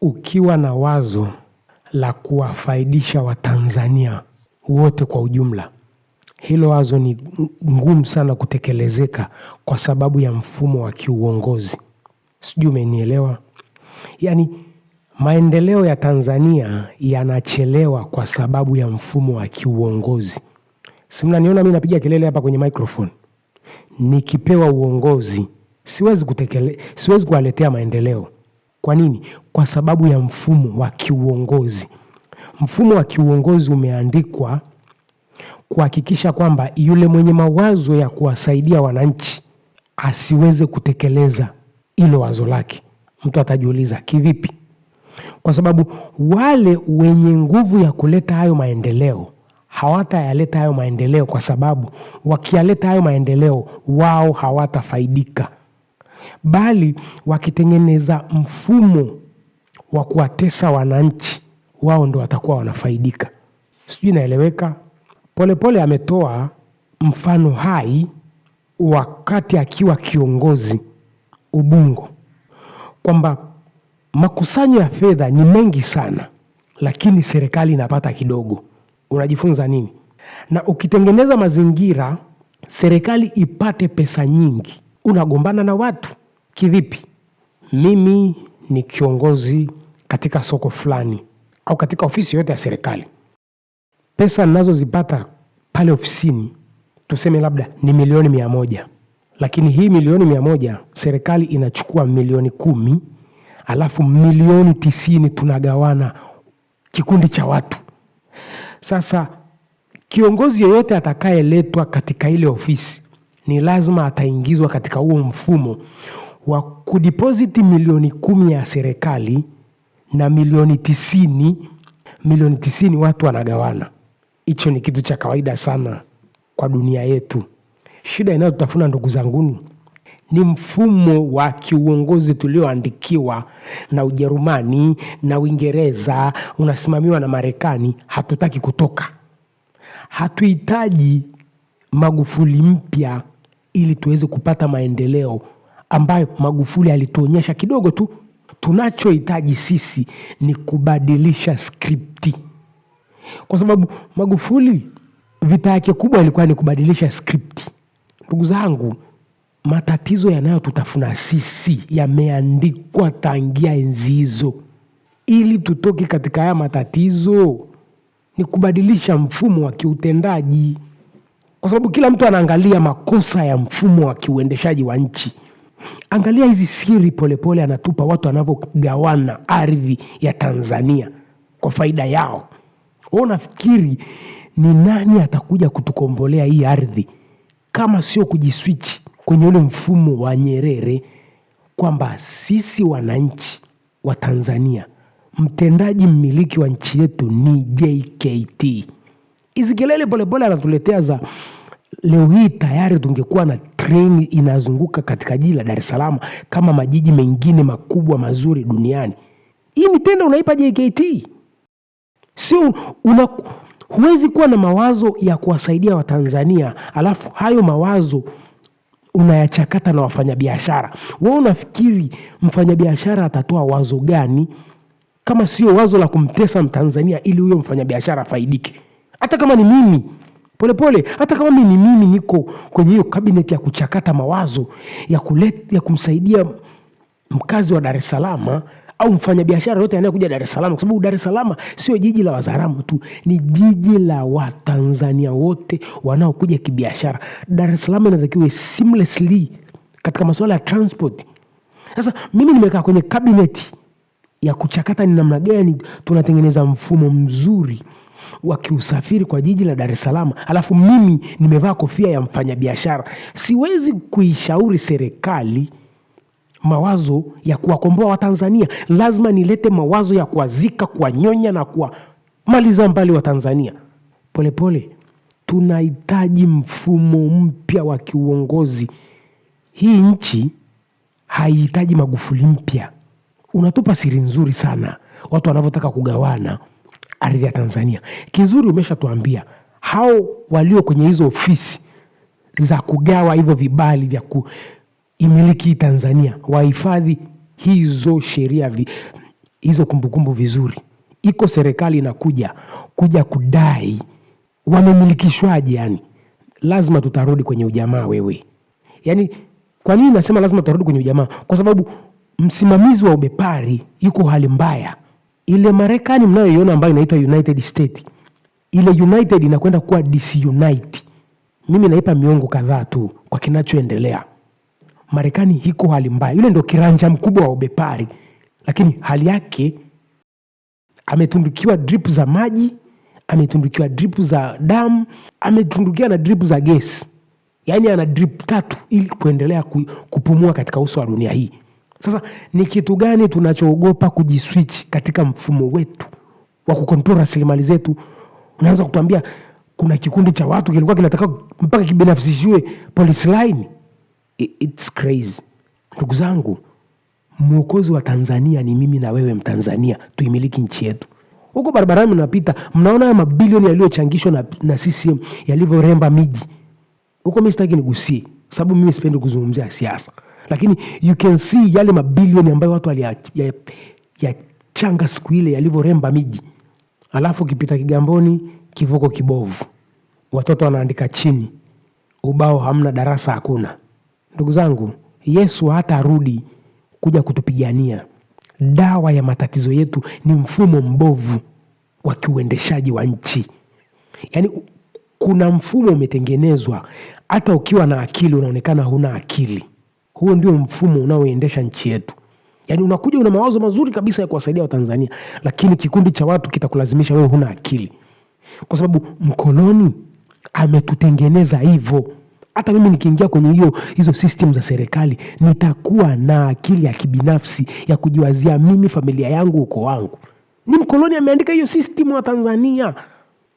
ukiwa na wazo la kuwafaidisha Watanzania wote kwa ujumla, hilo wazo ni ngumu sana kutekelezeka kwa sababu ya mfumo wa kiuongozi. Sijui umenielewa? Yaani maendeleo ya Tanzania yanachelewa kwa sababu ya mfumo wa kiuongozi. Si mnaniona mi napiga kelele hapa kwenye microphone? Nikipewa uongozi siwezi kutekele, siwezi kuwaletea maendeleo. Kwa nini? Kwa sababu ya mfumo wa kiuongozi. Mfumo wa kiuongozi umeandikwa kuhakikisha kwamba yule mwenye mawazo ya kuwasaidia wananchi asiweze kutekeleza hilo wazo lake. Mtu atajiuliza kivipi? Kwa sababu wale wenye nguvu ya kuleta hayo maendeleo hawatayaleta hayo maendeleo, kwa sababu wakiyaleta hayo maendeleo wao hawatafaidika bali wakitengeneza mfumo wa kuwatesa wananchi, wao ndo watakuwa wanafaidika. Sijui naeleweka. Polepole ametoa mfano hai wakati akiwa kiongozi Ubungo, kwamba makusanyo ya fedha ni mengi sana, lakini serikali inapata kidogo. Unajifunza nini? Na ukitengeneza mazingira serikali ipate pesa nyingi, unagombana na watu kivipi? Mimi ni kiongozi katika soko fulani au katika ofisi yoyote ya serikali, pesa ninazozipata pale ofisini tuseme labda ni milioni mia moja, lakini hii milioni mia moja serikali inachukua milioni kumi, alafu milioni tisini tunagawana kikundi cha watu. Sasa kiongozi yeyote atakayeletwa katika ile ofisi ni lazima ataingizwa katika huo mfumo wa kudipositi milioni kumi ya serikali na milioni tisini milioni tisini watu wanagawana. Hicho ni kitu cha kawaida sana kwa dunia yetu. Shida inayotutafuna ndugu zanguni ni mfumo wa kiuongozi tulioandikiwa na Ujerumani na Uingereza, unasimamiwa na Marekani. Hatutaki kutoka, hatuhitaji Magufuli mpya ili tuweze kupata maendeleo ambayo Magufuli alituonyesha kidogo tu. Tunachohitaji sisi ni kubadilisha skripti, kwa sababu Magufuli vita yake kubwa ilikuwa ni kubadilisha skripti. Ndugu zangu, matatizo yanayotutafuna sisi yameandikwa tangia enzi hizo. Ili tutoke katika haya matatizo ni kubadilisha mfumo wa kiutendaji kwa sababu kila mtu anaangalia makosa ya mfumo wa kiuendeshaji wa nchi. Angalia hizi siri Polepole anatupa watu wanavyogawana ardhi ya Tanzania kwa faida yao. Wewe unafikiri ni nani atakuja kutukombolea hii ardhi kama sio kujiswichi kwenye ule mfumo wa Nyerere, kwamba sisi wananchi wa Tanzania, mtendaji mmiliki wa nchi yetu ni JKT izikelele polepole anatuletea za leo hii tayari tungekuwa na treni inazunguka katika jiji la Dar es Salaam kama majiji mengine makubwa mazuri duniani. Hii ni tenda unaipa JKT, sio una, huwezi kuwa na mawazo ya kuwasaidia Watanzania alafu hayo mawazo unayachakata na wafanyabiashara. Wewe unafikiri mfanyabiashara atatoa wazo gani kama sio wazo la kumtesa Mtanzania ili huyo mfanyabiashara afaidike? hata kama ni mimi polepole pole. Hata kama mimi ni mimi niko kwenye hiyo kabineti ya kuchakata mawazo ya, kulet, ya kumsaidia mkazi wa Dar es Salaam ah, au mfanyabiashara yote anayekuja Dar es Salaam, kwa sababu Dar es Salaam sio jiji la Wazaramo tu, ni jiji la Watanzania wote wanaokuja kibiashara. Dar es Salaam inatakiwa seamlessly katika masuala ya transport. Sasa mimi nimekaa kwenye kabineti ya kuchakata ni namna gani tunatengeneza mfumo mzuri wakiusafiri kwa jiji la Dar es Salaam, alafu mimi nimevaa kofia ya mfanyabiashara. Siwezi kuishauri serikali mawazo ya kuwakomboa Watanzania. Lazima nilete mawazo ya kuwazika, kuwanyonya na kuwamaliza mbali Watanzania polepole. Tunahitaji mfumo mpya wa kiuongozi. Hii nchi haihitaji Magufuli mpya. Unatupa siri nzuri sana watu wanavyotaka kugawana ardhi ya Tanzania. Kizuri umeshatuambia hao walio kwenye hizo ofisi za kugawa hivyo vibali vya kuimiliki Tanzania wahifadhi hizo sheria vi, hizo kumbukumbu vizuri. Iko serikali inakuja kuja kudai wamemilikishwaje? Yani lazima tutarudi kwenye ujamaa wewe. Yani kwa nini nasema lazima tutarudi kwenye ujamaa? Kwa sababu msimamizi wa ubepari yuko hali mbaya ile Marekani mnayoiona ambayo inaitwa United State, ile United inakwenda kuwa disunite. Mimi naipa miongo kadhaa tu kwa kinachoendelea Marekani. Hiko hali mbaya, yule ndo kiranja mkubwa wa ubepari, lakini hali yake ametundukiwa drip za maji, ametundukiwa drip za damu, ametundukiwa na drip za gesi, yaani ana drip tatu ili kuendelea kupumua katika uso wa dunia hii. Sasa ni kitu gani tunachoogopa kujiswitch katika mfumo wetu wa kukontrol rasilimali zetu? Unaanza kutuambia kuna kikundi cha watu kilikuwa kinataka mpaka kibinafsishiwe police line. It's crazy. Ndugu zangu, mwokozi wa Tanzania ni mimi na wewe Mtanzania, tuimiliki nchi yetu. Huko barabarani mnapita, mnaona haya mabilioni yaliyochangishwa na, na CCM yalivyoremba miji huko. Mi sitaki nigusie, sababu mimi sipendi kuzungumzia siasa lakini you can see yale mabilioni ambayo watu yachanga ya siku ile yalivyoremba miji. Alafu ukipita Kigamboni, kivuko kibovu, watoto wanaandika chini, ubao hamna, darasa hakuna. Ndugu zangu, Yesu hata arudi kuja kutupigania. Dawa ya matatizo yetu ni mfumo mbovu wa kiuendeshaji wa nchi. Yaani kuna mfumo umetengenezwa, hata ukiwa na akili unaonekana huna akili. Huo ndio mfumo unaoendesha nchi yetu. Yaani unakuja una mawazo mazuri kabisa ya kuwasaidia Watanzania, lakini kikundi cha watu kitakulazimisha wewe huna akili, kwa sababu mkoloni ametutengeneza hivyo. Hata mimi nikiingia kwenye hiyo hizo system za serikali nitakuwa na akili ya kibinafsi ya kujiwazia mimi, familia yangu, uko wangu. Ni mkoloni ameandika hiyo system wa Tanzania.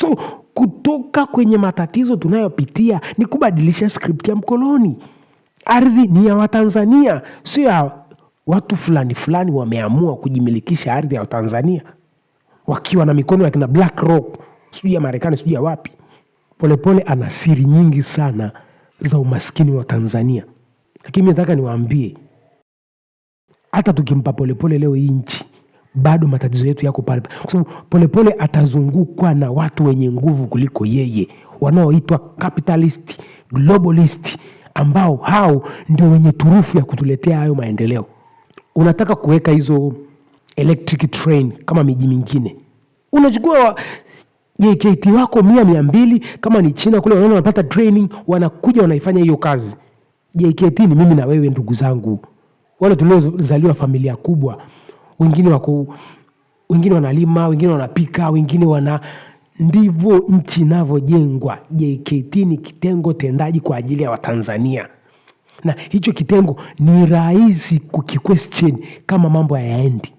So kutoka kwenye matatizo tunayopitia ni kubadilisha script ya mkoloni. Ardhi ni ya Watanzania, sio ya watu fulani fulani wameamua kujimilikisha ardhi ya Watanzania wakiwa na mikono ya kina Black Rock, sijui ya Marekani, sijui ya wapi. Polepole ana siri nyingi sana za umaskini wa Tanzania, lakini nataka niwaambie, hata tukimpa Polepole leo hii nchi bado matatizo yetu yako pale, kwa sababu Polepole atazungukwa na watu wenye nguvu kuliko yeye wanaoitwa capitalist, globalist ambao hao ndio wenye turufu ya kutuletea hayo maendeleo. Unataka kuweka hizo electric train kama miji mingine, unachukua JKT wako mia mia mbili, kama ni China kule wanaona wanapata training, wanakuja wanaifanya hiyo kazi. JKT ni mimi na wewe, ndugu zangu, wale tuliozaliwa familia kubwa, wengine wako, wengine wanalima, wengine wanapika, wengine wana ndivyo nchi inavyojengwa. JKT ni kitengo tendaji kwa ajili ya Watanzania, na hicho kitengo ni rahisi kukiquestion kama mambo hayaendi.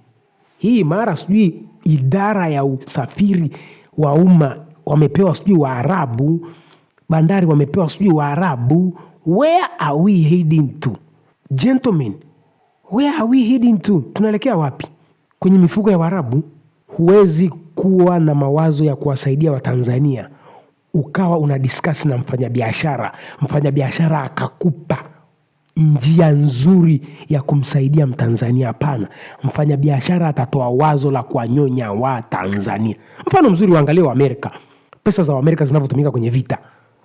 Hii mara sijui idara ya usafiri wa umma wamepewa sijui Waarabu, bandari wamepewa sijui Waarabu. Where are we heading to gentlemen? Where are we heading to? Tunaelekea wapi? Kwenye mifuko ya Waarabu? huwezi kuwa na mawazo ya kuwasaidia Watanzania ukawa una diskasi na mfanyabiashara, mfanyabiashara akakupa njia nzuri ya kumsaidia Mtanzania. Hapana, mfanyabiashara atatoa wazo la kuwanyonya Watanzania. Mfano mzuri uangalie amerika pesa za wamerika zinavyotumika kwenye vita,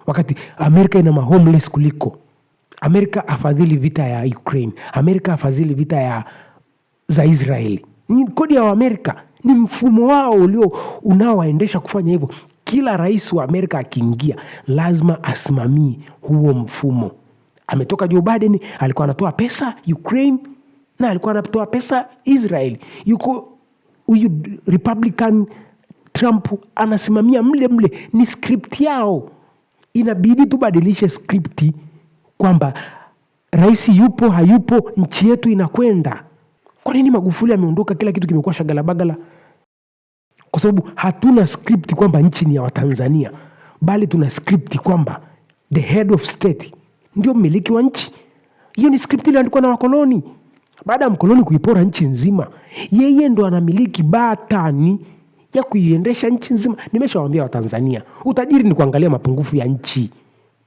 wakati Amerika ina mahomeless kuliko Amerika afadhili vita ya Ukraine, Amerika afadhili vita ya za Israeli. Ni kodi ya Waamerika. Ni mfumo wao ulio unaowaendesha kufanya hivyo. Kila rais wa Amerika akiingia lazima asimamie huo mfumo. Ametoka Joe Biden, alikuwa anatoa pesa Ukraine na alikuwa anatoa pesa Israel. Yuko huyu Republican Trump anasimamia mle mle, ni script yao. Inabidi tubadilishe skripti kwamba rais yupo hayupo, nchi yetu inakwenda. Kwa nini Magufuli ameondoka, kila kitu kimekuwa shagalabagala? Kwa sababu hatuna script kwamba nchi ni ya Watanzania, bali tuna script kwamba the head of state ndio mmiliki wa nchi. Hiyo ni script iliyoandikwa na wakoloni. Baada ya mkoloni kuipora nchi nzima, yeye ndo anamiliki batani ya kuiendesha nchi nzima. Nimeshawaambia Watanzania, utajiri ni kuangalia mapungufu ya nchi,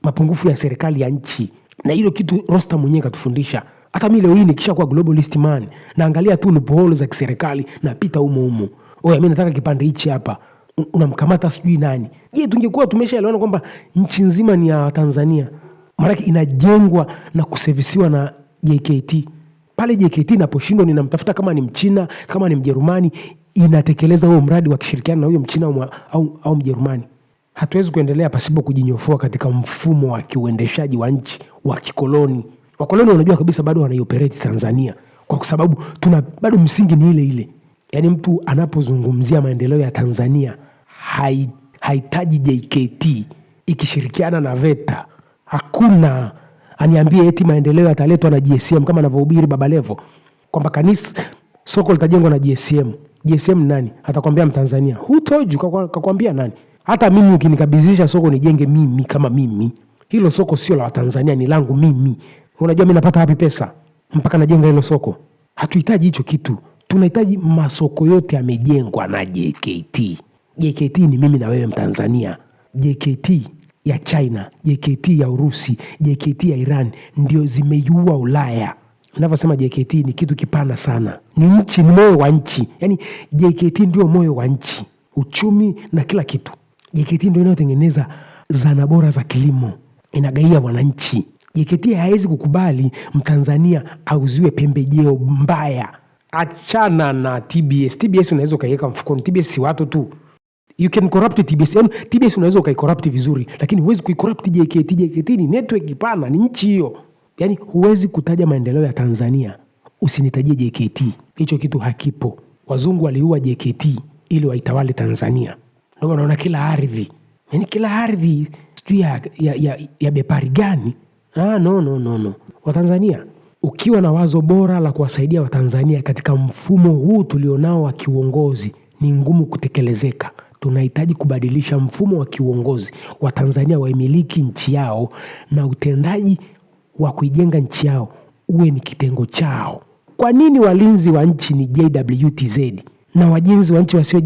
mapungufu ya serikali ya nchi, na hilo kitu Rosta mwenyewe katufundisha. Hata mi leo hii nikishakuwa globalist man, naangalia tu loophole za kiserikali, napita humo humo. Oya, mi nataka kipande hichi hapa, unamkamata sijui nani. Je, tungekuwa tumeshaelewana kwamba nchi nzima ni ya Tanzania, maanake inajengwa na kusevisiwa na JKT. Pale JKT inaposhindwa, ninamtafuta kama ni Mchina, kama ni Mjerumani, inatekeleza huo mradi wa kishirikiana na huyo Mchina au, au, au Mjerumani. Hatuwezi kuendelea pasipo kujinyofoa katika mfumo wa kiuendeshaji wa nchi wa kikoloni. Wakoloni wanajua kabisa bado wanaiopereti Tanzania kwa sababu tuna bado msingi ni ile ile. Yaani mtu anapozungumzia maendeleo ya Tanzania hahitaji JKT ikishirikiana na VETA. Hakuna aniambie eti maendeleo yataletwa na GSM kama anavyohubiri Baba Levo kwamba kanisa soko litajengwa na GSM. GSM nani? Atakwambia Mtanzania. Who told you? Kakwambia nani? Hata mimi ukinikabidhisha soko nijenge mimi kama mimi, hilo soko sio la Watanzania, ni langu mimi. Unajua mi napata wapi pesa mpaka najenga hilo soko? Hatuhitaji hicho kitu, tunahitaji masoko yote yamejengwa na JKT. JKT ni mimi na wewe Mtanzania. JKT ya China, JKT ya Urusi, JKT ya Iran ndio zimeiua Ulaya. Navyosema JKT ni kitu kipana sana, ni nchi, ni moyo wa nchi. Yani JKT ndio moyo wa nchi, uchumi na kila kitu. JKT ndio inayotengeneza zana bora za kilimo, inagaia wananchi. JKT hawezi kukubali Mtanzania auziwe pembejeo mbaya. Achana na TBS. TBS unaweza ukaiweka mfukoni. TBS si watu tu. You can corrupt TBS. Yani, TBS unaweza ukaikorapti vizuri, lakini huwezi kuikorapti JKT. JKT ni network pana, ni nchi hiyo. Yani huwezi kutaja maendeleo ya Tanzania usinitajie JKT. Hicho kitu hakipo. Wazungu waliua JKT ili waitawale Tanzania. Ndio unaona kila ardhi, yani kila ardhi sijui ya, ya, ya, ya bepari gani Ah, no, no, no, no. Watanzania, ukiwa na wazo bora la kuwasaidia Watanzania katika mfumo huu tulionao wa kiuongozi ni ngumu kutekelezeka. Tunahitaji kubadilisha mfumo wa kiuongozi. Watanzania waimiliki nchi yao na utendaji wa kuijenga nchi yao uwe ni kitengo chao. Kwa nini walinzi wa nchi ni JWTZ na wajenzi wa nchi wasio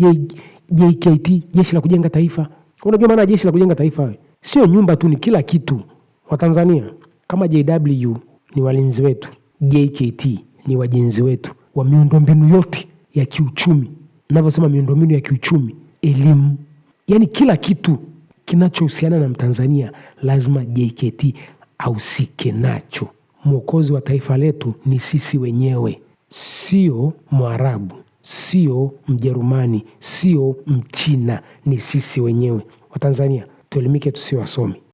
JKT, jeshi la kujenga taifa? Unajua maana jeshi la kujenga taifa? Sio nyumba tu, ni kila kitu Watanzania. Kama JW ni walinzi wetu, JKT ni wajenzi wetu wa miundombinu yote ya kiuchumi. Navyosema miundombinu ya kiuchumi, elimu, yani kila kitu kinachohusiana na Mtanzania lazima JKT ahusike nacho. Mwokozi wa taifa letu ni sisi wenyewe, sio Mwarabu, sio Mjerumani, sio Mchina, ni sisi wenyewe. Watanzania tuelimike, tusio wasomi.